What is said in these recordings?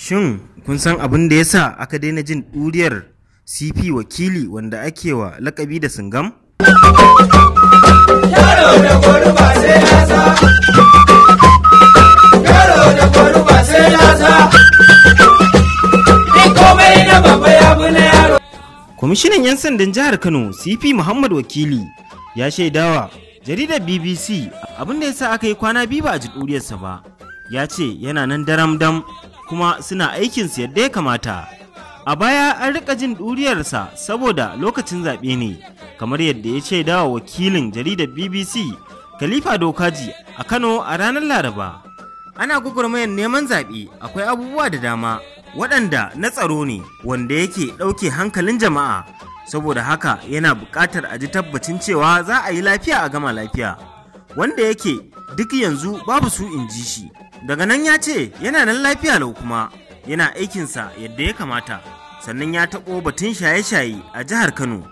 Shin kun san abin da ya sa aka daina jin ɗuriyar CP wakili wanda ake wa lakabi da singam? Kwamishinan 'yan sandan jihar Kano CP Muhammad Wakili ya shaidawa jaridar BBC abinda da ya sa aka yi kwana biyu ba a ji ɗuriyarsa ba. Ya ce yana nan daram dam kuma suna aikinsu yadda ya kamata a baya an rika jin ɗuriyarsa saboda lokacin zaɓe ne kamar yadda ya ce dawa wakilin jaridar bbc khalifa dokaji a kano a ranar laraba ana gwagwarmayar neman zaɓe akwai abubuwa da dama waɗanda na tsaro ne wanda yake ɗauke hankalin jama'a saboda haka yana buƙatar a ji tabbacin cewa za a yi lafiya a gama lafiya wanda yake duk yanzu babu su in ji shi daga nan ya ce yana nan lafiya lau kuma yana aikinsa yadda ya kamata sannan ya taɓo batun shaye-shaye a jihar kano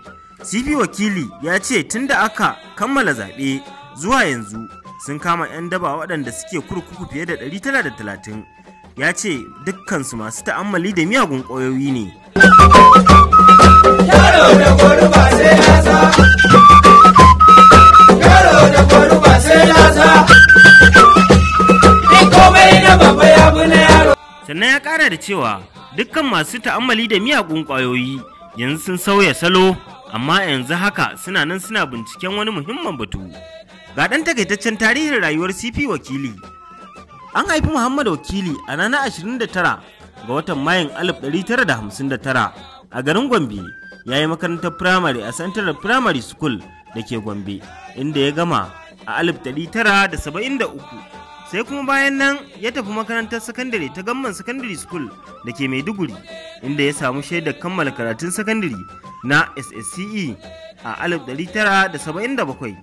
cp wakili ya ce tun da aka kammala zaɓe zuwa yanzu sun kama 'yan daba waɗanda suke kurkuku fiye da 930 ya ce dukkansu masu ta'ammali da miyagun ƙwayoyi ne Yaro da sai na sa, yaro da sai na sannan ya ƙara da cewa dukkan masu ta'ammali da miyagun ƙwayoyi yanzu sun sauya salo amma yanzu haka suna nan suna binciken wani muhimman batu ga ɗan takaitaccen tarihin rayuwar cp wakili an haifi muhammad wakili a ranar 29 ga watan mayun 1959 a garin gombe ya yi makarantar firamare a central Firamare school da ke gombe inda ya gama a 1973 sai kuma bayan nan ya tafi makarantar sakandare ta gamman secondary school da ke maiduguri inda ya samu shaidar kammala karatun sakandare na ssce a 1977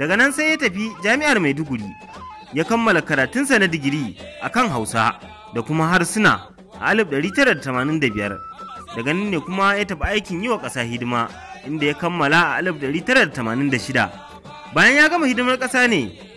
daga nan sai ya tafi jami'ar maiduguri ya kammala karatunsa na digiri a kan hausa da kuma harsuna a 1985 daga nan ne kuma ya tafi aikin yi wa ƙasa hidima inda ya kammala a 1986 bayan ya gama hidimar ƙasa ne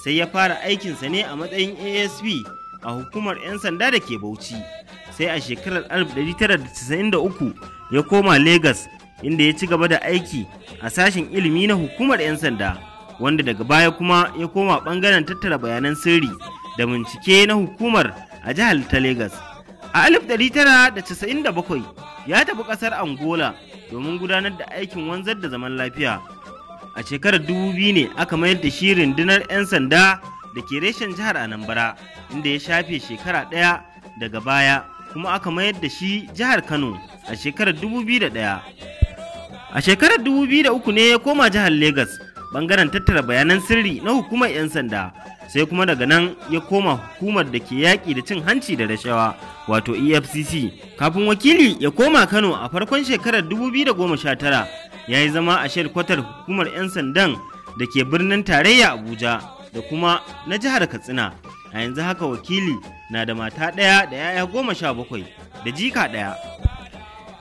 sai ya fara aikinsa ne a matsayin asp a hukumar 'yan sanda da ke bauchi sai a shekarar 1993 ya koma Legas inda ya ci gaba da aiki a sashen ilimi na hukumar 'yan sanda wanda daga baya kuma ya koma bangaren tattara bayanan sirri da bincike na hukumar a jihar ta Legas. a 1997 ya tafi kasar angola domin gudanar da aikin wanzar da zaman lafiya a shekarar 2000 ne aka mayar da shi rundunar 'yan sanda da ke reshen jihar anambra inda ya shafe shekara ɗaya daga baya kuma aka mayar da shi jihar kano a shekarar 2001 a shekarar 2003 ne ya koma jihar Legas bangaren tattara bayanan sirri na hukumar 'yan sanda sai kuma daga nan ya koma hukumar da ke yaƙi da cin hanci da rashawa wato efcc kafin wakili ya koma kano a farkon shekarar 2019 ya yi zama a kwatar hukumar 'yan sandan da ke birnin tarayya abuja da kuma na jihar katsina a yanzu haka wakili na da mata ɗaya da 'ya'ya goma sha bakwai da jika ɗaya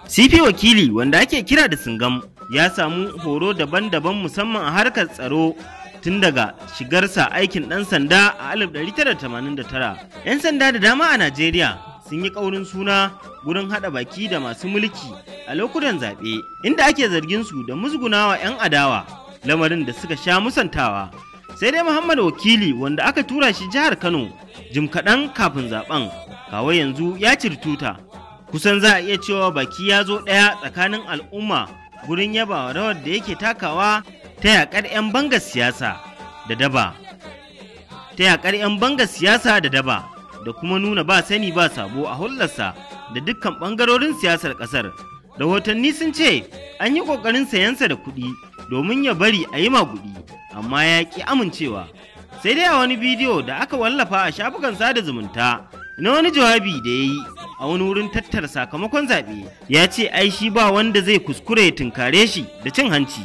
cp wakili wanda ake kira da singam ya samu horo daban-daban musamman a harkar tsaro tun daga shigarsa aikin ɗan sanda a 1989 'yan sanda da dama a najeriya sun yi ƙaurin suna gurin haɗa baki da masu mulki a lokutan zaɓe inda ake zargin su da musgunawa 'yan adawa lamarin da suka sha musantawa sai dai muhammad wakili wanda aka tura shi jihar kano jim kaɗan kafin zaɓen kawai yanzu ya cirtuta kusan za a iya cewa baki ya zo ɗaya tsakanin al'umma gurin yaba rawar da yake takawa ta yaƙar 'yan bangar ta yaƙar 'yan bangar siyasa da daba da kuma nuna ba sani ba sabo a hullarsa da dukkan ɓangarorin siyasar ƙasar. Rahotanni sun ce an yi ƙoƙarin sayansa da kuɗi domin ya bari a yi maguɗi, amma ya ƙi amincewa. Sai dai a wani bidiyo da aka wallafa a shafukan sada zumunta na wani jawabi da ya yi a wani wurin tattara sakamakon zaɓe ya ce ai shi ba wanda zai kuskure ya tunkare shi da cin hanci.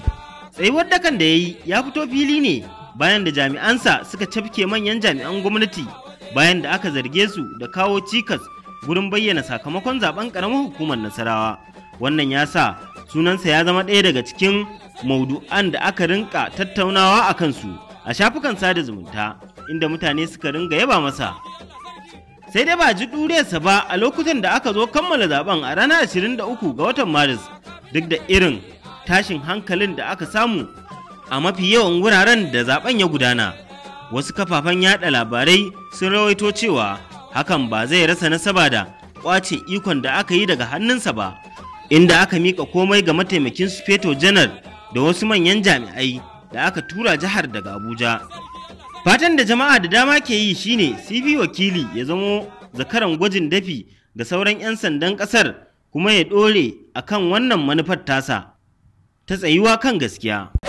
Tsayuwar dakan da ya yi ya fito fili ne bayan da jami'ansa suka cafke manyan jami'an gwamnati bayan da aka zarge su da kawo cikas gurin bayyana sakamakon zaben karamar hukumar nasarawa wannan ya sa sunansa ya zama ɗaya daga cikin maudu'an da aka rinka tattaunawa a kansu a shafukan sada zumunta inda mutane suka ringa yaba masa sai dai ba ji ɗuresa ba a lokutan da aka zo kammala zaben a ranar 23 ga watan maris duk da irin tashin hankalin da aka samu a mafi yawan wuraren da zaben ya gudana wasu kafafen yaɗa labarai sun rawaito cewa hakan ba zai rasa nasaba da kwace ikon da aka yi daga hannunsa ba inda aka mika komai ga mataimakin su feto janar da wasu manyan jami'ai da aka tura jihar daga abuja fatan da jama'a da dama ke yi shine cv wakili ya zamo zakaran gwajin dafi ga sauran 'yan sandan kasar kuma ya dore akan wannan manufar tasa ta tsayuwa kan gaskiya